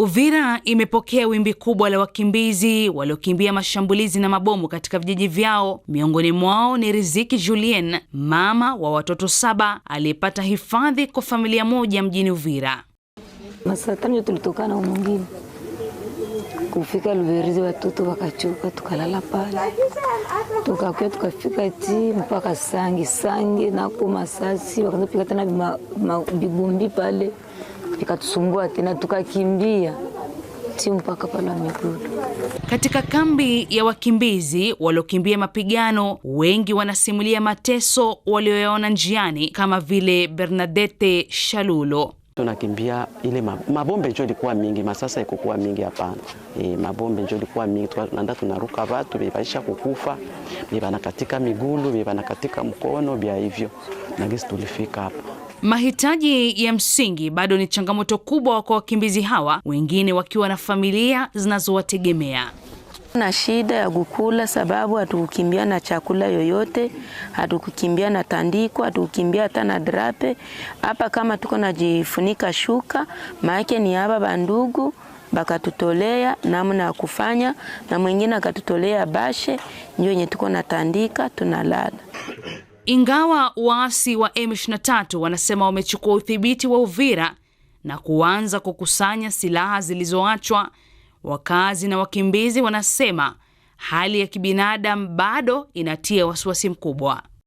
Uvira imepokea wimbi kubwa la wakimbizi waliokimbia mashambulizi na mabomu katika vijiji vyao. Miongoni mwao ni Riziki Julien, mama wa watoto saba aliyepata hifadhi kwa familia moja mjini Uvira. masaa tano tulitokana mwingine kufika Luverizi, watoto wakachoka, tukalala pale, tukakuya tukafika ti mpaka sangi sangi nako masasi wakaanza kupika tena bigundi pale ikatusumbua tena, tukakimbia timu mpaka pale wamerudi. Katika kambi ya wakimbizi waliokimbia mapigano, wengi wanasimulia mateso walioyaona njiani, kama vile Bernadette Shalulo. Tunakimbia ile mabombe njo ilikuwa mingi, masasa ikukuwa mingi hapana. E, mabombe njo ilikuwa mingi, tunaenda tunaruka watu bebaisha kukufa, katika migulu, katika mkono, bya hivyo nagisi tulifika hapa Mahitaji ya msingi bado ni changamoto kubwa kwa wakimbizi hawa, wengine wakiwa na familia zinazowategemea na shida ya kukula, sababu hatukukimbia na chakula yoyote, hatukukimbia na tandiko, hatukukimbia hata na drape hapa, kama tuko najifunika shuka, maake ni hapa bandugu bakatutolea namna ya kufanya, na mwingine akatutolea bashe ndio yenye tuko natandika tunalala. Ingawa waasi wa M23 wanasema wamechukua udhibiti wa Uvira na kuanza kukusanya silaha zilizoachwa, wakazi na wakimbizi wanasema hali ya kibinadamu bado inatia wasiwasi mkubwa.